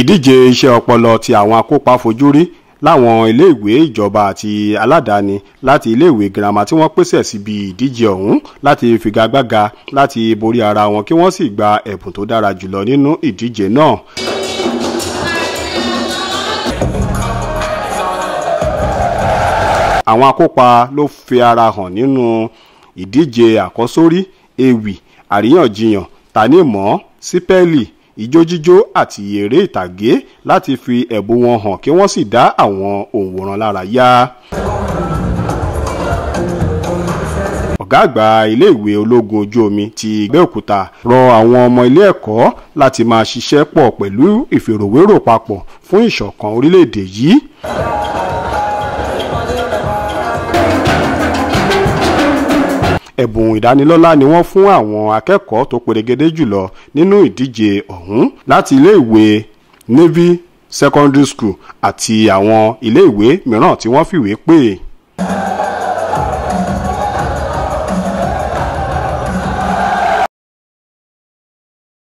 ìdíje iṣẹ́ ọpọlọ tí àwọn akópa fojú rí láwọn iléèwé ìjọba àti aládàáni láti iléèwé girama tí wọ́n pèsè síbi ìdíje ọ̀hún láti figagbága láti borí ara wọn kí wọ́n sì gba ẹ̀bùn tó dára jùlọ nínú ìdíje náà. àwọn akópa ló fi ara hàn nínú ìdíje àkọ́sórí ewì àríyànjiyàn tanimọ̀ sípẹ́lì ijó jíjó àti eré ìtàgé láti fi ẹ̀bùn wọn hàn kí wọ́n sì dá àwọn òǹwòran lára yá. ọ̀gá àgbà iléèwé ológun ojú omi ti Abẹ́òkúta rọ àwọn ọmọ ilé ẹ̀kọ́ láti máa ṣiṣẹ́ pọ̀ pẹ̀lú ìfèròwérò papọ̀ fún ìṣọ̀kan orílẹ̀-èdè yìí. ẹ̀bùn ìdánilọ́lá ni wọ́n fún àwọn akẹ́kọ̀ọ́ tó perégedé jùlọ nínú ìdíje ọ̀hún láti iléèwé Navy Secondary School àti àwọn iléèwé mìíràn tí wọ́n fìwé pè é